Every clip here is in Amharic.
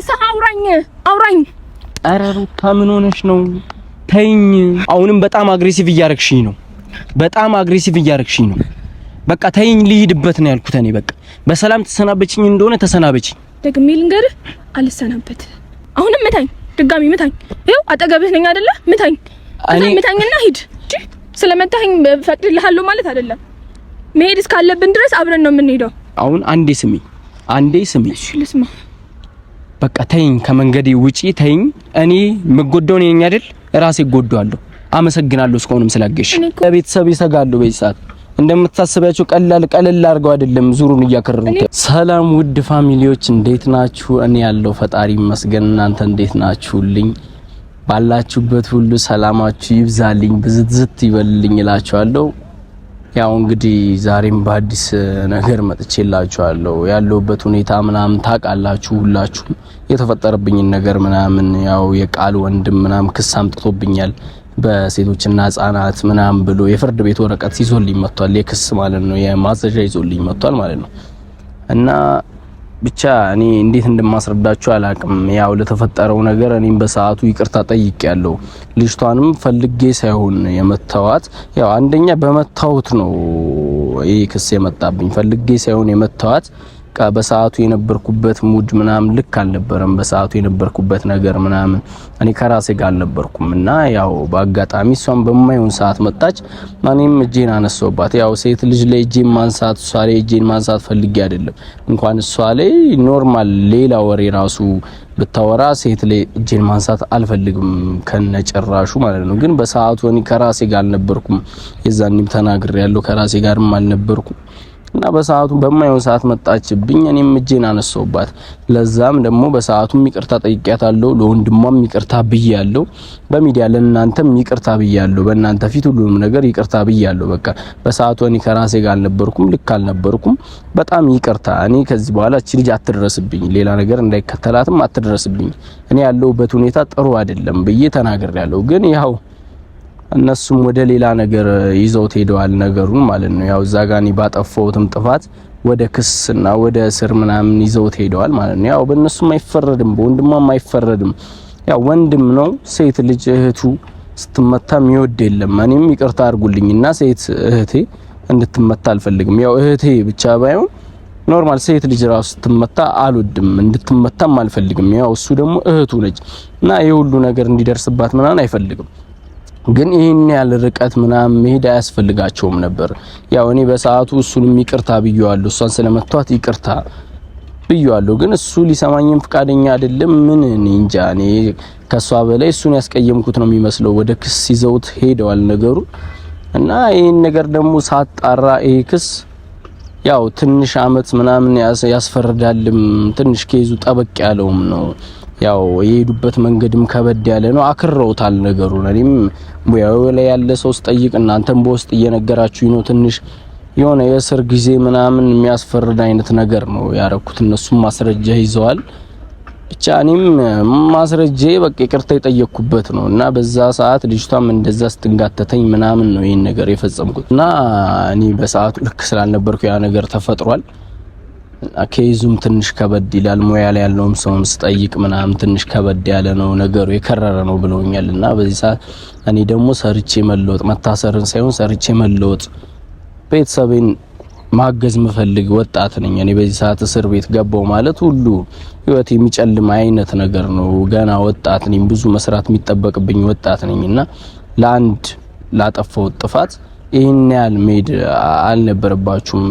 እሳ አውራኝ አውራኝ። ኧረ ሩታ ምን ሆነሽ ነው? ተይኝ። አሁንም በጣም አግሬሲቭ እያረግሽኝ ነው። በጣም አግሬሲቭ እያረግሽኝ ነው። በቃ ተይኝ፣ ልሂድበት ነው ያልኩት እኔ። በቃ በሰላም ተሰናበችኝ እንደሆነ ተሰናበችኝ። ደግሜ ልንገርህ፣ አልሰናበት። አሁንም ምታኝ፣ ድጋሚ ምታኝ። ይኸው አጠገብህ ነኝ አይደለ? ምታኝ፣ ምታኝና ሂድ። ስለመታኸኝ ፈቅድልሃለሁ ማለት አይደለም። መሄድ እስካለብን ድረስ አብረን ነው የምንሄደው። አሁን አንዴ ስሚ፣ አንዴ ስሚ። እሺ ልስማ በቃ ተይኝ፣ ከመንገዴ ውጪ ተይኝ። እኔ የምጎዳው ነኝ አይደል? ራሴ እጎዳዋለሁ። አመሰግናለሁ እስካሁንም ስላገሽ። ለቤተሰብ ይሰጋሉ በዚህ ሰዓት ቀላል ቀለል አድርገው አይደለም ዙሩን እያከረሩት። ሰላም ውድ ፋሚሊዎች እንዴት ናችሁ? እኔ ያለው ፈጣሪ ይመስገን። እናንተ እንዴት ናችሁልኝ? ባላችሁበት ሁሉ ሰላማችሁ ይብዛልኝ፣ ብዝትዝት ይበልልኝ እላችኋለሁ። ያው እንግዲህ ዛሬም በአዲስ ነገር መጥቼላችኋለሁ። ያለሁበት ሁኔታ ምናምን ታውቃላችሁ ሁላችሁም የተፈጠረብኝን ነገር ምናምን ያው የቃል ወንድም ምናምን ክስ አምጥቶብኛል በሴቶችና ህጻናት ምናምን ብሎ የፍርድ ቤት ወረቀት ይዞልኝ መጥቷል። የክስ ማለት ነው የማዘዣ ይዞልኝ መጥቷል ማለት ነው። እና ብቻ እኔ እንዴት እንደማስረዳችሁ አላቅም። ያው ለተፈጠረው ነገር እኔም በሰዓቱ ይቅርታ ጠይቅ ያለው ልጅቷንም ፈልጌ ሳይሆን የመታዋት ያው አንደኛ በመታወት ነው ይህ ክስ የመጣብኝ ፈልጌ ሳይሆን የመታዋት በቃ በሰዓቱ የነበርኩበት ሙድ ምናምን ልክ አልነበረም። በሰዓቱ የነበርኩበት ነገር ምናምን እኔ ከራሴ ጋር አልነበርኩም እና ያው በአጋጣሚ እሷም በማይሆን ሰዓት መጣች። እኔም እጄን አነሳውባት። ያው ሴት ልጅ ላይ እጄን ማንሳት እሷ ላይ እጄን ማንሳት ፈልጌ አይደለም። እንኳን እሷ ላይ ኖርማል ሌላ ወሬ ራሱ ብታወራ ሴት ላይ እጄን ማንሳት አልፈልግም ከነጨራሹ ማለት ነው። ግን በሰዓቱ እኔ ከራሴ ጋር አልነበርኩም። የዛኔም ተናግሬ ያለው ከራሴ ጋርም አልነበርኩም። እና በሰዓቱ በማይሆን ሰዓት መጣችብኝ። እኔም እጄን አነሳውባት። ለዛም ደግሞ በሰዓቱም ይቅርታ ጠይቄያታለሁ። ለወንድሟም ይቅርታ ብያለሁ። በሚዲያ ለእናንተም ይቅርታ ብያለሁ። በእናንተ ፊት ሁሉንም ነገር ይቅርታ ብያለሁ። በቃ በሰዓቱ እኔ ከራሴ ጋር አልነበርኩም፣ ልክ አልነበርኩም። በጣም ይቅርታ። እኔ ከዚህ በኋላ እቺ ልጅ አትድረስብኝ፣ ሌላ ነገር እንዳይከተላትም አትድረስብኝ። እኔ ያለሁበት ሁኔታ ጥሩ አይደለም ብዬ ተናግሬያለሁ። ግን ያው እነሱም ወደ ሌላ ነገር ይዘውት ሄደዋል ነገሩን ማለት ነው። ያው እዛ ጋ እኔ ባጠፋሁትም ጥፋት ወደ ክስና ወደ እስር ምናምን ይዘውት ሄደዋል ማለት ነው። ያው በእነሱም አይፈረድም፣ በወንድሟም አይፈረድም። ያው ወንድም ነው። ሴት ልጅ እህቱ ስትመታ የሚወድ የለም። እኔም ይቅርታ አድርጉልኝና ሴት እህቴ እንድትመታ አልፈልግም። ያው እህቴ ብቻ ባይሆን ኖርማል ሴት ልጅ ራሱ ስትመታ አልወድም፣ እንድትመታም አልፈልግም። ያው እሱ ደግሞ እህቱ ነች እና የሁሉ ነገር እንዲደርስባት ምናምን አይፈልግም። ግን ይህን ያህል ርቀት ምናምን መሄድ አያስፈልጋቸውም ነበር። ያው እኔ በሰዓቱ እሱንም ይቅርታ ብየዋለሁ፣ እሷን ስለመቷት ይቅርታ ብየዋለሁ። ግን እሱ ሊሰማኝም ፍቃደኛ አይደለም። ምን እንጃ፣ እኔ ከሷ በላይ እሱን ያስቀየምኩት ነው የሚመስለው። ወደ ክስ ይዘውት ሄደዋል ነገሩ እና ይህን ነገር ደግሞ ሳጣራ ይሄ ክስ ያው ትንሽ አመት ምናምን ያስፈርዳልም። ትንሽ ኬዙ ጠበቅ ያለውም ነው። ያው የሄዱበት መንገድም ከበድ ያለ ነው። አክረውታል ነገሩን እኔም ሙያው ላይ ያለ ሰው ስጠይቅ እናንተም በውስጥ እየነገራችሁ ነው። ትንሽ የሆነ የእስር ጊዜ ምናምን የሚያስፈርድ አይነት ነገር ነው ያረኩት። እነሱም ማስረጃ ይዘዋል። ብቻ እኔም ማስረጃ በቃ ይቅርታ የጠየቅኩበት ነው እና በዛ ሰዓት ልጅቷም እንደዛ ስትንጋተተኝ ምናምን ነው ይህን ነገር የፈጸምኩት እና እኔ በሰዓቱ ልክ ስላልነበርኩ ያ ነገር ተፈጥሯል። ኬዙም ትንሽ ከበድ ይላል። ሙያ ላይ ያለውም ሰውም ስጠይቅ ምናምን ትንሽ ከበድ ያለ ነው ነገሩ የከረረ ነው ብለውኛል። እና በዚህ ሰዓት እኔ ደግሞ ሰርቼ መለወጥ መታሰርን ሳይሆን ሰርቼ መለወጥ ቤተሰቤን ማገዝ ምፈልግ ወጣት ነኝ እኔ። በዚህ ሰዓት እስር ቤት ገባው ማለት ሁሉ ህይወት የሚጨልም አይነት ነገር ነው። ገና ወጣት ነኝ፣ ብዙ መስራት የሚጠበቅብኝ ወጣት ነኝ እና ለአንድ ላጠፋው ጥፋት ይህን ያህል መሄድ አልነበረባችሁም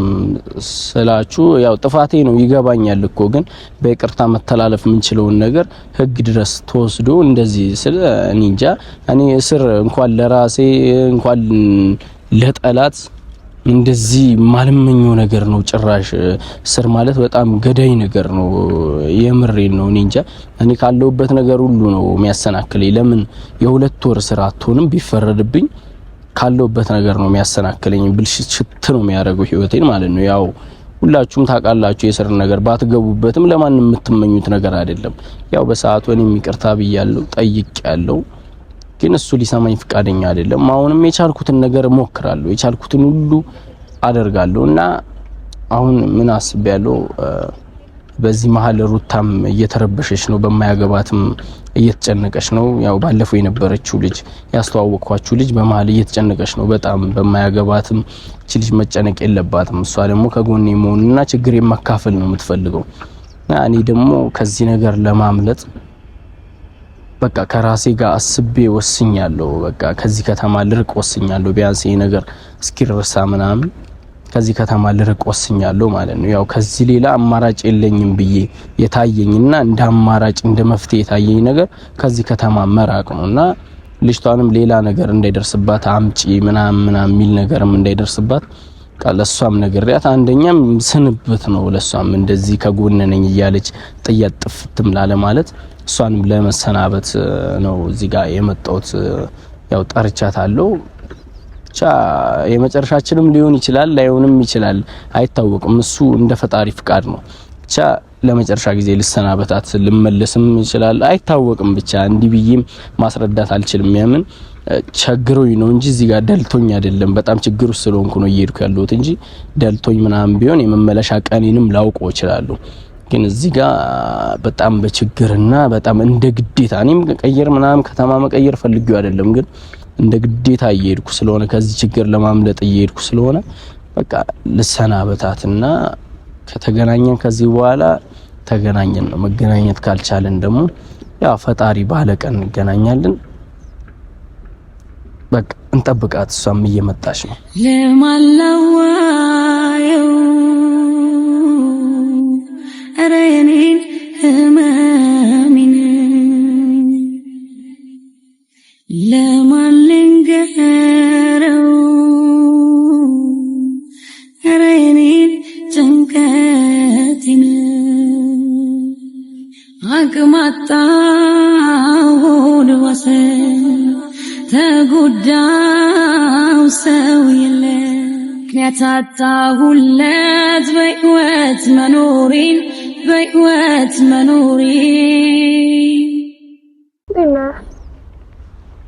ስላችሁ፣ ያው ጥፋቴ ነው ይገባኛል እኮ ግን በይቅርታ መተላለፍ የምንችለውን ነገር ህግ ድረስ ተወስዶ እንደዚህ ስለ እኔ እንጃ እኔ እስር እንኳን ለራሴ እንኳን ለጠላት እንደዚህ ማልመኘው ነገር ነው። ጭራሽ ስር ማለት በጣም ገዳይ ነገር ነው። የምሬን ነው። እኔ እንጃ እኔ ካለሁበት ነገር ሁሉ ነው የሚያሰናክለኝ። ለምን የሁለት ወር ስራ አትሆንም ቢፈረድብኝ ካለውበት ነገር ነው የሚያሰናክለኝ። ብልሽት ሽት ነው የሚያደርገው ህይወቴን ማለት ነው። ያው ሁላችሁም ታውቃላችሁ የስር ነገር ባትገቡበትም ለማንም የምትመኙት ነገር አይደለም። ያው በሰዓቱ እኔም ይቅርታ ብያለሁ ጠይቅ ያለው ግን እሱ ሊሰማኝ ፍቃደኛ አይደለም። አሁንም የቻልኩትን ነገር እሞክራለሁ፣ የቻልኩትን ሁሉ አደርጋለሁ እና አሁን ምን አስቤያለሁ በዚህ መሀል ሩታም እየተረበሸች ነው በማያገባትም እየተጨነቀች ነው። ያው ባለፈው የነበረችው ልጅ ያስተዋወቅኳችሁ ልጅ በመሀል እየተጨነቀች ነው በጣም በማያገባትም። እች ልጅ መጨነቅ የለባትም። እሷ ደግሞ ከጎኔ መሆንና ችግር የማካፈል ነው የምትፈልገው። እኔ ደግሞ ከዚህ ነገር ለማምለጥ በቃ ከራሴ ጋር አስቤ ወስኛለሁ። በቃ ከዚህ ከተማ ልርቅ ወስኛለሁ። ቢያንስ ይሄ ነገር እስኪረሳ ምናምን ከዚህ ከተማ ልርቅ ወስኛለሁ ማለት ነው። ያው ከዚህ ሌላ አማራጭ የለኝም ብዬ የታየኝና እንደ አማራጭ እንደ መፍትሄ የታየኝ ነገር ከዚህ ከተማ መራቅ ነውና ልጅቷንም ሌላ ነገር እንዳይደርስባት አምጪ ምናምን ምናምን የሚል ነገርም እንዳይደርስባት ለእሷም ነግሬያት፣ አንደኛም ስንብት ነው ለሷም እንደዚህ ከጎን ነኝ እያለች ጥያት ጥፍትም ላለ ማለት እሷንም ለመሰናበት ነው እዚህ ጋር የመጣሁት። ያው ጠርቻታለሁ። ብቻ የመጨረሻችንም ሊሆን ይችላል ላይሆንም ይችላል አይታወቅም። እሱ እንደ ፈጣሪ ፍቃድ ነው። ብቻ ለመጨረሻ ጊዜ ልሰናበታት ልመለስም ይችላል አይታወቅም። ብቻ እንዲህ ብዬም ማስረዳት አልችልም። ያምን ቸግሮኝ ነው እንጂ እዚህ ጋር ደልቶኝ አይደለም። በጣም ችግሩ ውስጥ ስለሆንኩ ነው እየሄድኩ ያለሁት እንጂ ደልቶኝ ምናምን ቢሆን የመመለሻ ቀኔንም ላውቆ እችላለሁ። ግን እዚህ ጋር በጣም በችግርና በጣም እንደ ግዴታ እኔም ቀየር ምናምን ከተማ መቀየር ፈልጌው አይደለም ግን እንደ ግዴታ እየሄድኩ ስለሆነ ከዚህ ችግር ለማምለጥ እየሄድኩ ስለሆነ በቃ ልሰናበታትና ከተገናኘን ከዚህ በኋላ ተገናኘን ነው። መገናኘት ካልቻለን ደግሞ ያ ፈጣሪ ባለቀን እንገናኛለን። በቃ እንጠብቃት፣ እሷም እየመጣች ነው። ለማላዋየው ረኔን ህመሚን ለማን ልንገረው? ኧረ የኔን ጭንቀቴን አቅም አጣሁ ልዋሰን ተጎዳው ሰው የለ ምክንያት አጣሁለት በሕይወት መኖሬን በሕይወት መኖሬን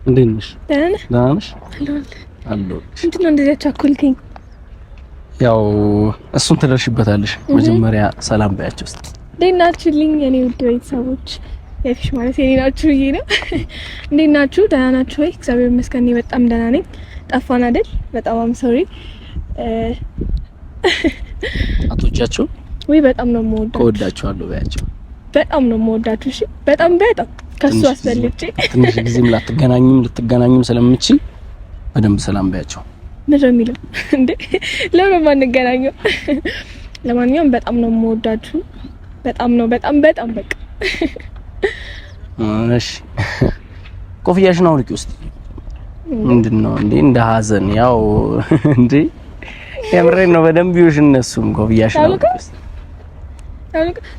እንዴት ነሽ? ደህና ነሽ? ምንድን ነው እንደዚያ ቻኮልከኝ? ያው እሱን ትደርሽበታለሽ። መጀመሪያ ሰላም ባያቸው እስኪ። እንዴት ናችሁልኝ የኔ ውድ ቤተሰቦች? የፊሽ ማለት የኔ ናችሁ ብዬ ነው። እንዴት ናችሁ? ደህና ናችሁ ወይ? እግዚአብሔር ይመስገን በጣም ደህና ነኝ። ጠፋን አይደል? በጣም አም ሶሪ። አትወጃችሁም ወይ? በጣም ነው የምወዳችሁ። እወዳችኋለሁ በያቸው። በጣም ነው የምወዳችሁ። እሺ፣ በጣም በጣም ከሱ አስፈልጬ ትንሽ ጊዜም ላትገናኝም ልትገናኙም ስለምችል በደንብ ሰላም ባያቸው ምድር የሚለው እንዴ ለምን ማንገናኘው? ለማንኛውም በጣም ነው የምወዳችሁ። በጣም ነው በጣም በጣም በቃ። እሺ ኮፍያሽን አውልቂ ውስጥ ምንድን ነው እንዴ? እንደ ሀዘን ያው እንዴ የምሬን ነው። በደንብ ይኸውልሽ፣ እነሱም ኮፍያሽን አውልቂ ውስጥ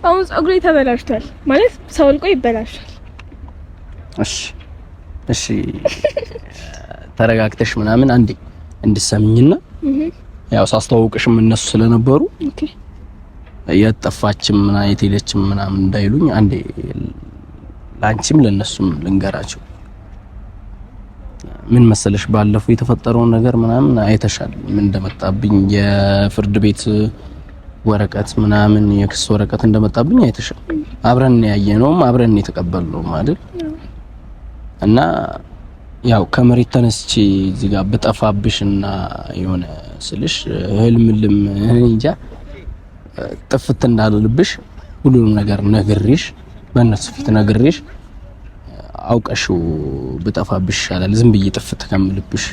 አሁን ፀጉሬ ተበላሽቷል ማለት ሰው አውልቆ ይበላሻል። እሺ እሺ ተረጋግተሽ ምናምን አንዴ እንድሰምኝና ያው ሳስተዋውቅሽም እነሱ ስለነበሩ የት ጠፋችም ምና የት ሄደችም ምናምን እንዳይሉኝ አንዴ ለአንቺም ለነሱም ልንገራቸው። ምን መሰለሽ ባለፈው የተፈጠረውን ነገር ምናምን አይተሻል። ምን እንደመጣብኝ የፍርድ ቤት ወረቀት ምናምን የክስ ወረቀት እንደመጣብኝ አይተሻል። አብረን ያየነውም አብረን የተቀበልነው ማለት እና ያው ከመሬት ተነስቼ እዚህ ጋር ብጠፋብሽ የሆነ ስልሽ ህልምልም እንጃ ጥፍት እንዳልልብሽ ሁሉንም ነገር ነግሬሽ በእነሱ ፊት ነግሬሽ አውቀሽው ብጠፋብሽ ይሻላል ዝም ብዬ ጥፍት ከምልብሽ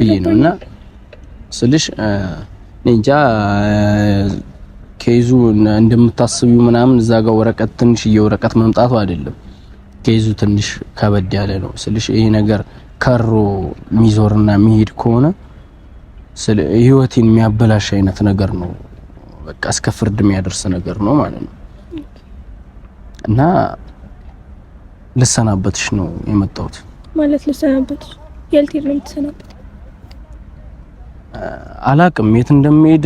ብዬ ነው እና ስልሽ እንጃ ከይዙ እንደምታስቢው ምናምን እዛ ጋር ወረቀት ትንሽዬ ወረቀት መምጣቱ አይደለም ከይዙ ትንሽ ከበድ ያለ ነው ስልሽ ይሄ ነገር ከሮ የሚዞርና የሚሄድ ከሆነ ህይወቴን የሚያበላሽ አይነት ነገር ነው። በቃ እስከ ፍርድ የሚያደርስ ነገር ነው ማለት ነው። እና ልሰናበትሽ ነው የመጣሁት። ማለት ልሰናበትሽ? የት ነው የምትሰናበት? አላቅም የት እንደሚሄድ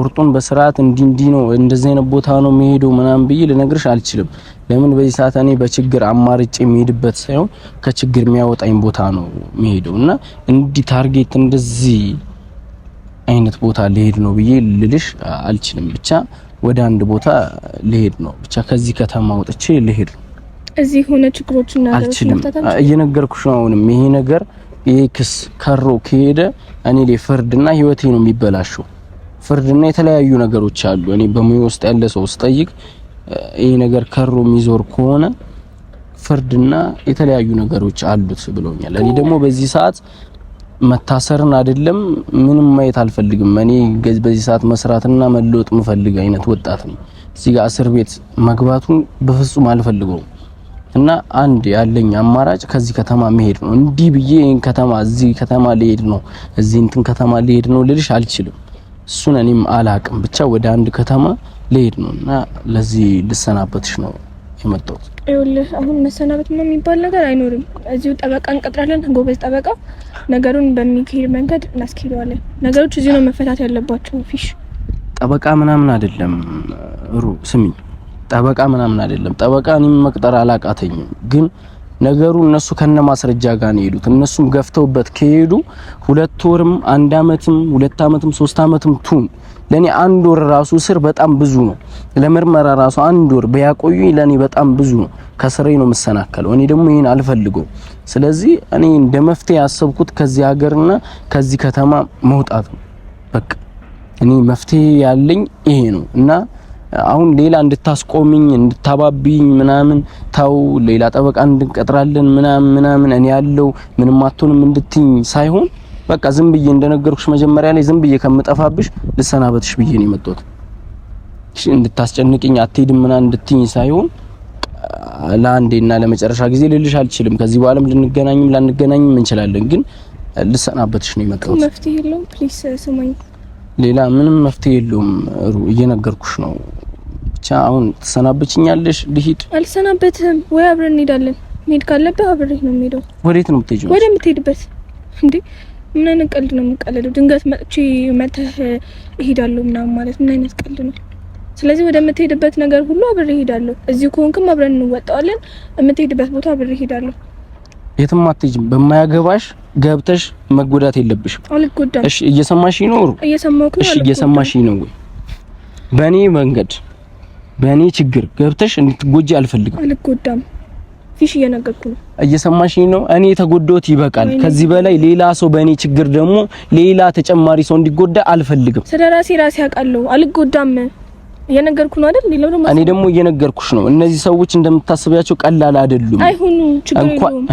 ቁርጡን በስርዓት እንዲ እንዲ ነው እንደዚህ አይነት ቦታ ነው የሚሄደው ምናምን ብዬ ልነግርሽ አልችልም። ለምን በዚህ ሰዓት እኔ በችግር አማርጭ የሚሄድበት ሳይሆን ከችግር የሚያወጣኝ ቦታ ነው የሚሄደው እና እንዲ ታርጌት እንደዚህ አይነት ቦታ ልሄድ ነው ብዬ ልልሽ አልችልም። ብቻ ወደ አንድ ቦታ ልሄድ ነው ብቻ ከዚህ ከተማ ወጥቼ ልሄድ ነው። እዚህ ሆነ ችግሮችን አልችልም። እየነገርኩሽ ነው። አሁንም ይሄ ነገር ይሄ ክስ ከሮ ከሄደ እኔ ላይ ፍርድና ህይወቴ ነው የሚበላሸው። ፍርድና የተለያዩ ነገሮች አሉ። እኔ በሙያ ውስጥ ያለ ሰው ስጠይቅ ይሄ ነገር ከሮ የሚዞር ከሆነ ፍርድና የተለያዩ ነገሮች አሉት ብሎኛል። እኔ ደግሞ በዚህ ሰዓት መታሰርን አይደለም ምንም ማየት አልፈልግም። እኔ በዚህ ሰዓት መስራትና መለወጥ የምፈልግ አይነት ወጣት ነኝ። እዚህ ጋር እስር ቤት መግባቱን በፍጹም አልፈልገውም እና አንድ ያለኝ አማራጭ ከዚህ ከተማ መሄድ ነው። እንዲህ ብዬ ይህን ከተማ እዚህ ከተማ ሊሄድ ነው እዚህ እንትን ከተማ ሊሄድ ነው ልልሽ አልችልም። እሱን እኔም አላቅም። ብቻ ወደ አንድ ከተማ ልሄድ ነው እና ለዚህ ልሰናበትሽ ነው የመጣሁት። ይኸውልህ አሁን መሰናበት ነው የሚባል ነገር አይኖርም። እዚሁ ጠበቃ እንቀጥራለን፣ ጎበዝ ጠበቃ። ነገሩን በሚካሄድ መንገድ እናስኬደዋለን። ነገሮች እዚሁ ነው መፈታት ያለባቸው። ፊሽ ጠበቃ ምናምን አይደለም ሩ ስሚኝ፣ ጠበቃ ምናምን አይደለም። ጠበቃ እኔም መቅጠር አላቃተኝም ግን ነገሩ እነሱ ከነ ማስረጃ ጋር ነው የሄዱት። እነሱም ገፍተውበት ከሄዱ ሁለት ወርም አንድ አመትም ሁለት አመትም ሶስት አመትም ቱን ለኔ አንድ ወር ራሱ ስር በጣም ብዙ ነው። ለምርመራ ራሱ አንድ ወር ቢያቆዩኝ ለኔ በጣም ብዙ ነው። ከስሬ ነው የምሰናከለው። እኔ ደግሞ ይሄን አልፈልገው። ስለዚህ እኔ እንደ መፍትሄ ያሰብኩት ከዚህ ሀገርና ከዚህ ከተማ መውጣት ነው። በቃ እኔ መፍትሄ ያለኝ ይሄ ነው እና አሁን ሌላ እንድታስቆምኝ እንድታባብኝ ምናምን ታው ሌላ ጠበቃ እንድንቀጥራለን ምናምን ምናምን እኔ ያለው ምንም አትሆንም እንድትኝ ሳይሆን በቃ ዝም ብዬ እንደነገርኩሽ መጀመሪያ ላይ ዝም ብዬ ከምጠፋብሽ ልሰናበትሽ ብዬ ነው የመጣሁት። እሺ እንድታስጨንቅኝ አትሄድም ምናምን እንድትኝ ሳይሆን ለአንዴና ለመጨረሻ ጊዜ ልልሽ አልችልም። ከዚህ በኋላም ልንገናኝም ላንገናኝም እንችላለን፣ ግን ልሰናበትሽ ነው የመጣሁት። መፍትሄ የለውም። ፕሊስ ስማኝ። ሌላ ምንም መፍትሄ የለውም። እየነገርኩሽ ነው ብቻ አሁን ትሰናበችኛለሽ? ልሂድ። አልሰናበትም። ወይ አብረን እንሄዳለን። መሄድ ካለብህ አብረን ነው የምሄደው። ወዴት ነው የምትሄጂው? ወደ የምትሄድበት። እንዴ ምን አይነት ቀልድ ነው የምትቀልደው? ድንገት መጥቼ መተህ እሄዳለሁ ምናምን ማለት ምን አይነት ቀልድ ነው? ስለዚህ ወደ የምትሄድበት ነገር ሁሉ አብረን እሄዳለሁ። እዚህ ከሆንክም አብረን እንወጣዋለን። የምትሄድበት ቦታ አብረን እሄዳለሁ። የትም አትሄጂም። በማያገባሽ ገብተሽ መጎዳት የለብሽም። አልጎዳም። እሺ፣ እየሰማሽ ነው? እሺ እየሰማሽ ነው ወይ? በእኔ መንገድ በእኔ ችግር ገብተሽ እንድትጎጂ አልፈልግም። አልጎዳም። ፊሽ እየነገርኩ ነው። እየሰማሽኝ ነው? እኔ የተጎዳሁት ይበቃል። ከዚህ በላይ ሌላ ሰው በእኔ ችግር ደግሞ ሌላ ተጨማሪ ሰው እንዲጎዳ አልፈልግም። ስለ ራሴ ራሴ አውቃለሁ። አልጎዳም። እየነገርኩ ነው አይደል? ሌላው ደግሞ እኔ ደግሞ እየነገርኩሽ ነው። እነዚህ ሰዎች እንደምታስቢያቸው ቀላል አይደሉም። አይሁኑ፣ ችግር የለውም።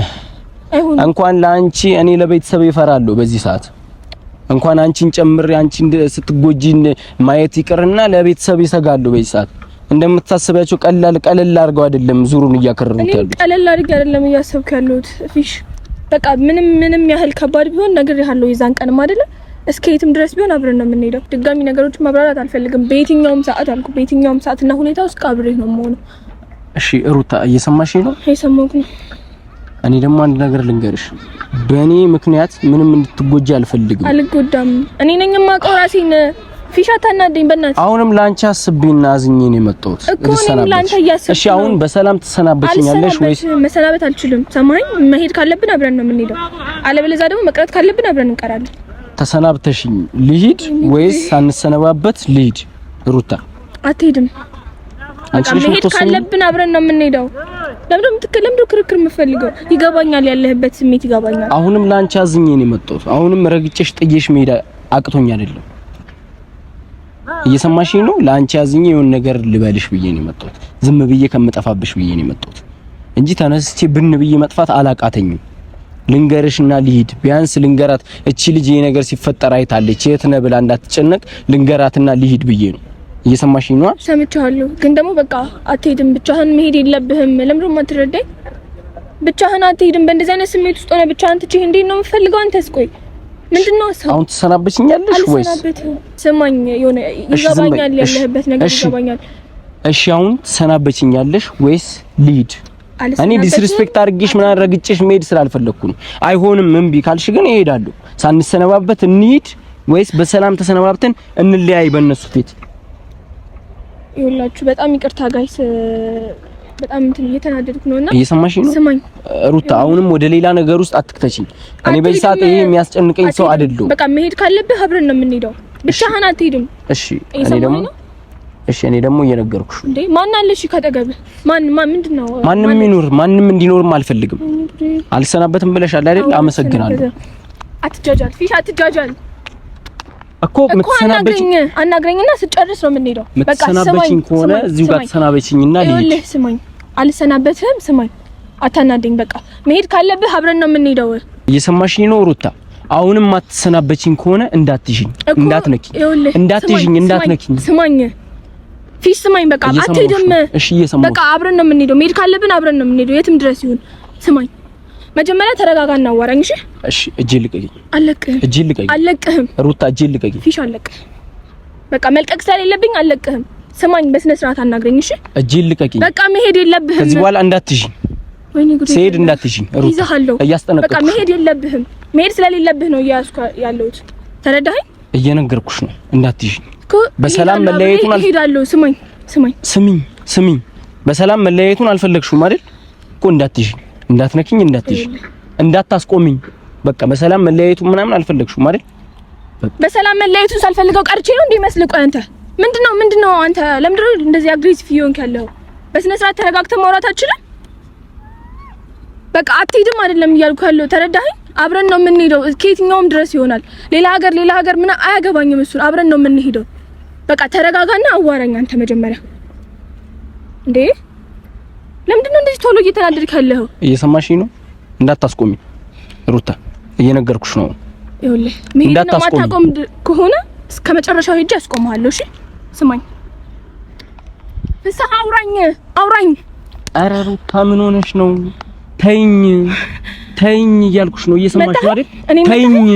አይሁኑ። እንኳን ለአንቺ እኔ ለቤተሰብ ይፈራለሁ በዚህ ሰዓት እንኳን አንቺን ጨምር አንቺን ስትጎጂ ማየት ይቅርና ለቤተሰብ ይሰጋሉ በዚህ ሰዓት እንደምታስባቸው ቀላል ቀለል አድርገው አይደለም ዙሩን እያከረሩት ያሉት። ቀለል አድርገው አይደለም እያሰብክ ፊሽ በቃ ምንም ምንም ያህል ከባድ ቢሆን ነግሬሃለሁ። የዛን ቀንም አይደለም እስከ የትም ድረስ ቢሆን አብረን ነው የምንሄደው። ድጋሚ ነገሮችን ማብራራት አልፈልግም። በየትኛውም ሰዓት አልኩ፣ በየትኛውም ሰዓት እና ሁኔታ ውስጥ አብሬህ ነው የምሆነው። እሺ ሩታ፣ እየሰማሽ ነው? እየሰማሁህ ነው። እኔ ደግሞ አንድ ነገር ልንገርሽ፣ በእኔ ምክንያት ምንም እንድትጎጂ አልፈልግም። አልጎዳም። እኔ ነኝ የማውቀው ራሴን ፊሻ ታናደኝ። በእናትህ አሁንም ለአንቺ አስቤና አዝኜ ነው የመጣሁት እኮ እኔም ለአንተ እሺ አሁን በሰላም ትሰናበችኛለሽ ወይስ? መሰናበት አልችልም። ሰማኝ፣ መሄድ ካለብን አብረን ነው የምንሄደው፣ አለበለዚያ ደግሞ መቅረት ካለብን አብረን እንቀራለን። ተሰናብተሽኝ ልሂድ ወይስ ሳንሰነባበት ልሂድ? ሩታ አትሄድም። አንቺ መሄድ ካለብን አብረን ነው የምንሄደው። ለምን ትከለም? ክርክር የምፈልገው ይገባኛል፣ ያለህበት ስሜት ይገባኛል። አሁንም ለአንቺ አዝኜ ነው የመጣሁት። አሁንም ረግጬሽ ጥዬሽ መሄድ አቅቶኝ አይደለም እየሰማሽ ነው። ለአንቺ ያዝኝ የሆነ ነገር ልበልሽ ብዬ ነው የመጣሁት። ዝም ብዬ ከምጠፋብሽ ብዬ ነው የመጣሁት እንጂ ተነስቼ ብን ብዬ መጥፋት አላቃተኝም። ልንገርሽና ልሂድ። ቢያንስ ልንገራት እቺ ልጅ ይሄ ነገር ሲፈጠር አይታለች የት ነህ ብላ እንዳትጨነቅ ልንገራትና ልሂድ ብዬ ነው። እየሰማሽ ነው። ሰምቻለሁ። ግን ደግሞ በቃ አትሄድም፣ ብቻህን መሄድ የለብህም። ለምንድን ነው ብቻህን አትሄድም። በእንደዚህ አይነት ስሜት ውስጥ ሆነ ብቻህን ትቼ እንዴት ነው የምፈልገው? አንተስ ቆይ ምንድነው? አሁን ትሰናበችኛለሽ ወይስ? ስማኝ፣ የሆነ ይገባኛል፣ ያለህበት ነገር ይገባኛል። እሺ፣ አሁን ትሰናበችኛለሽ ወይስ ልሂድ? እኔ ዲስሪስፔክት አድርጌሽ ምናምን ረግጬሽ መሄድ ስላልፈለኩ ነው። አይሆንም። እምቢ ካልሽ ግን እሄዳለሁ። ሳንሰነባበት እንሂድ ወይስ በሰላም ተሰነባብተን እንለያይ? በእነሱ ፊት ይኸውላችሁ፣ በጣም ይቅርታ ጋይስ በጣም እንትን እየተናደድኩ ነውና፣ እየሰማሽ ነው ስማኝ ሩታ፣ አሁንም ወደ ሌላ ነገር ውስጥ አትክተሽኝ። እኔ በዚህ ሰዓት ይሄ የሚያስጨንቀኝ ሰው አይደለሁም። በቃ መሄድ ካለብህ አብረን ነው የምንሄደው፣ ብቻህን አትሄድም። እሺ እኔ ደግሞ እሺ እኔ ደግሞ እየነገርኩሽ እንዴ፣ ማን አለ? እሺ ካጠገብህ ማን ማን ምንድነው? ማንም ይኑር ማንም እንዲኖርም አልፈልግም። አልሰናበትም ብለሻል አይደል? አመሰግናለሁ። አትጃጃል ፊሽ፣ አትጃጃል እኮ የምትሰናበችኝ አናግረኝና ስጨርስ ነው የምንሄደው። የምትሰናበችኝ ከሆነ እዚሁ ጋር ተሰናበችኝና ልሂድ። ስማኝ፣ አልሰናበትህም። ስማኝ፣ አታናደኝ። በቃ መሄድ ካለብህ አብረን ነው የምንሄደው። እየሰማሽኝ ነው ሩታ? አሁንም አትሰናበችኝ ከሆነ እንዳትይዥኝ፣ እንዳትነኪኝ፣ እንዳትይዥኝ፣ እንዳትነኪኝ። ስማኝ ፊት ስማኝ፣ በቃ አትሄድም። እሺ፣ እየሰማሁ በቃ አብረን ነው የምንሄደው። መሄድ ካለብን አብረን ነው የምንሄደው የትም ድረስ ይሁን። ስማኝ መጀመሪያ ተረጋጋ፣ እናዋራኝ። እሺ እሺ። እጄ ልቀቂ። አለቅህም። እጄ ልቀቂ። አለቅህም። ሩታ እጄ ልቀቂ። ፊሽ አለቅህም። በቃ መልቀቅ ስለሌለብኝ አለቅህም። ስማኝ፣ በስነ ስርዓት አናግረኝ። እሺ እጄ ልቀቂ። በቃ መሄድ የለብህም። ከዚህ በኋላ እንዳትይዥኝ፣ ስሄድ እንዳትይዥኝ። ሩታ እያስጠነቀቅኩ በቃ መሄድ የለብህም። መሄድ ስለሌለብህ ነው እያያዝኩ ያለሁት። ተረዳኸኝ? እየነገርኩሽ ነው እንዳትይዥኝ። በሰላም መለያየቱን አልፈልግም። ስማኝ ስማኝ፣ ስሚኝ፣ ስሚኝ። በሰላም መለያየቱን አልፈለግሽውም አይደል እኮ እንዳትይዥኝ እንዳትነኪኝ፣ እንዳትይሽ፣ እንዳታስቆሚኝ። በቃ በሰላም መለያየቱ ምናምን አልፈለግሽም አይደል? በሰላም መለያየቱን ሳልፈልገው ቀርቼ ነው እንዴ ቆይ አንተ ምንድነው ምንድነው አንተ ለምንድነው እንደዚህ አግሬሲቭ እየሆንክ ያለው? በስነ ስርዓት ተረጋግተህ ማውራት አትችልም? በቃ አትሄድም አይደለም እያልኩ ያለው ተረዳኸኝ? አብረን ነው የምንሄደው ከየትኛውም ድረስ ይሆናል። ሌላ ሀገር ሌላ ሀገር ምን አያገባኝም። እሱን አብረን ነው የምንሄደው። በቃ ተረጋጋና አዋራኝ አንተ መጀመሪያ እንዴ ለምንድነው እንደዚህ ቶሎ እየተናደድክ ያለኸው? እየሰማሽኝ ነው? እንዳታስቆሚ ሩታ፣ እየነገርኩሽ ነው። ይኸውልህ ምንድነው ማታቆም ከሆነ እስከ መጨረሻው ሄጄ አስቆምሃለሁ። እሺ ስማኝ፣ ፍስሀ አውራኝ አውራኝ። ኧረ ሩታ ምን ሆነሽ ነው? ተይኝ ተይኝ እያልኩሽ ነው። እየሰማሽ ነው አይደል? ተይኝ።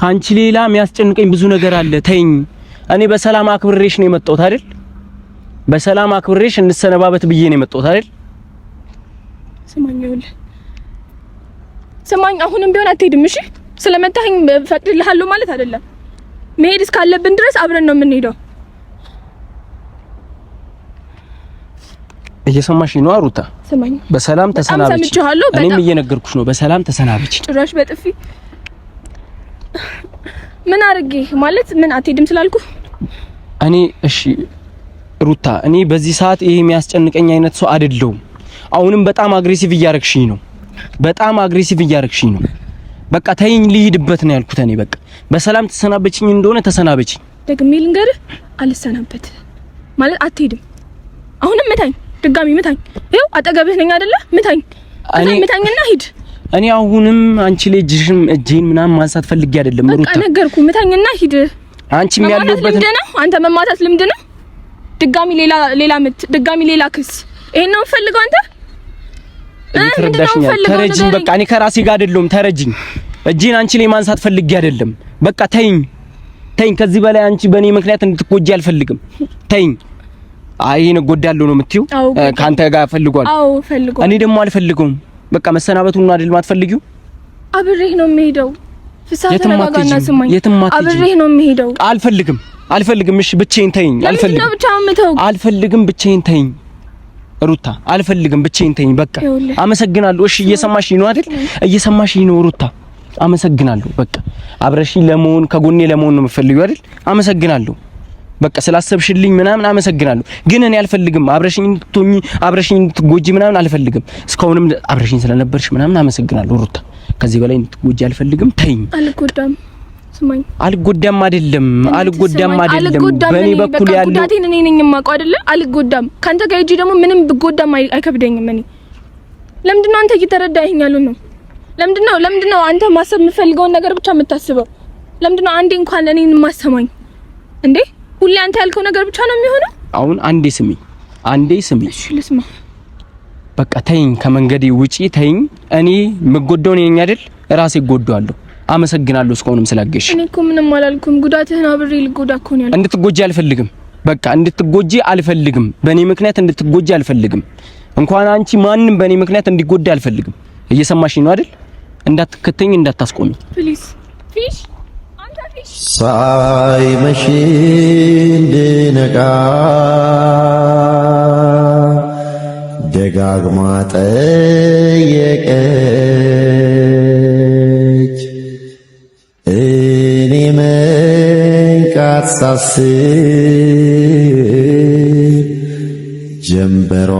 ከአንቺ ሌላ የሚያስጨንቀኝ ብዙ ነገር አለ። ተይኝ። እኔ በሰላም አክብሬሽ ነው የመጣሁት አይደል? በሰላም አክብሬሽ እንሰነባበት ብዬ ነው የመጣሁት አይደል? ስማኝ፣ ይኸውልህ ስማኝ፣ አሁንም ቢሆን አትሄድም። እሺ፣ ስለመጣኸኝ ፈቅድልሃለሁ ማለት አይደለም። መሄድ እስካለብን ድረስ አብረን ነው የምንሄደው። እየሰማሽ ነው አሩታ? ስማኝ፣ በሰላም ተሰናብች። እኔም እየነገርኩሽ ነው፣ በሰላም ተሰናብች። ጭራሽ በጥፊ ምን አድርጌ ማለት ምን አትሄድም ስላልኩ እኔ እሺ ሩታ እኔ በዚህ ሰዓት ይሄ የሚያስጨንቀኝ አይነት ሰው አይደለሁም። አሁንም በጣም አግሬሲቭ እያረግሽኝ ነው። በጣም አግሬሲቭ እያረግሽኝ ነው። በቃ ተይኝ፣ ልሂድበት ነው ያልኩት። እኔ በቃ በሰላም ተሰናበችኝ እንደሆነ ተሰናበችኝ። ደግሜ ልንገርህ፣ አልሰናበት ማለት አትሄድም። አሁንም ምታኝ፣ ድጋሚ ምታኝ። ይኸው አጠገብህ ነኝ አይደለ? ምታኝ፣ ምታኝና ሂድ። እኔ አሁንም አንቺ ላይ እጅሽም እጄን ምናምን ማንሳት ፈልጌ አይደለም ሩታ። በቃ ነገርኩህ፣ ምታኝና ሂድ። አንቺ የሚያለበት ልምድ ነው። አንተ መማታት ልምድ ነው ድጋሚ ሌላ ሌላ ምት ድጋሚ ሌላ ክስ። ይሄን ነው የምፈልገው። አንተ ተረጅኝ። በቃ እኔ ከራሴ ጋር አይደለሁም። ተረጅኝ። እጄን አንቺ ላይ ማንሳት ፈልጌ አይደለም። በቃ ተይኝ፣ ተይኝ። ከዚህ በላይ አንቺ በእኔ ምክንያት እንድትጎጂ አልፈልግም። ተይኝ። አይ ይሄን እጎዳለሁ ነው የምትይው? ካንተ ጋር ፈልጓል። አዎ ፈልጓል። እኔ ደግሞ አልፈልገውም። በቃ መሰናበቱን ነው አይደል የማትፈልጊው? አብሬህ ነው የምሄደው። ፍሳተ ተረጋጋና ስማኝ። የትም አትሄጂም። አብሬህ ነው የምሄደው። አልፈልግም አልፈልግም። እሺ ብቻዬን ተይኝ። አልፈልግም፣ አልፈልግም። ብቻዬን ተይኝ ሩታ፣ አልፈልግም። ብቻዬን ተይኝ። በቃ አመሰግናለሁ። እሺ እየሰማሽ ነው አይደል? እየሰማሽ ነው ሩታ፣ አመሰግናለሁ። በቃ አብረሽ ለመሆን ከጎኔ ለመሆን ነው የምፈልጊው አይደል? አመሰግናለሁ። በቃ ስላሰብሽልኝ ምናምን አመሰግናለሁ። ግን እኔ አልፈልግም፣ አብረሽኝ ትሆኚ አብረሽኝ ትጎጂ ምናምን አልፈልግም። እስካሁንም አብረሽኝ ስለነበርሽ ምናምን አመሰግናለሁ ሩታ። ከዚህ በላይ ትጎጂ አልፈልግም። ተይኝ። አልጎዳም አልጎዳም አይደለም፣ አልጎዳም አይደለም። በእኔ በኩል ያለው ጉዳቴን እኔ ነኝ የማውቀው አይደለ? አልጎዳም። ካንተ ጋር ሂጂ ደግሞ ምንም ብጎዳም አይከብደኝም። እኔ ለምንድን ነው አንተ እየተረዳኸኝ ያሉት ነው? ለምንድን ነው ለምንድን ነው አንተ ማሰብ የምፈልገውን ነገር ብቻ የምታስበው? ለምንድን ነው አንዴ እንኳን ለእኔን የማሰማኝ እንዴ? ሁሌ አንተ ያልከው ነገር ብቻ ነው የሚሆነው። አሁን አንዴ ስሚ፣ አንዴ ስሚ። እሺ ልስማ። በቃ ተይኝ፣ ከመንገዴ ውጪ ተይኝ። እኔ የምጎዳውን ነኝ አይደል? ራሴ እጎዳዋለሁ። አመሰግናለሁ እስካሁንም ስላገሽ። እኔ እኮ ምንም አላልኩም። ጉዳትህን አብሬ ልጎዳ እኮ ነው ያልኩት። እንድትጎጂ አልፈልግም። በቃ እንድትጎጂ አልፈልግም። በእኔ ምክንያት እንድትጎጂ አልፈልግም። እንኳን አንቺ ማንም በእኔ ምክንያት እንዲጎዳ አልፈልግም። እየሰማሽኝ ነው አይደል? እንዳትከተኝ፣ እንዳታስቆሚ ፕሊዝ። ፊሽ ሳይ ሳይመሽ እንድነቃ ደጋግማ ጠየቀ ሳታሳስብ ጀንበሯ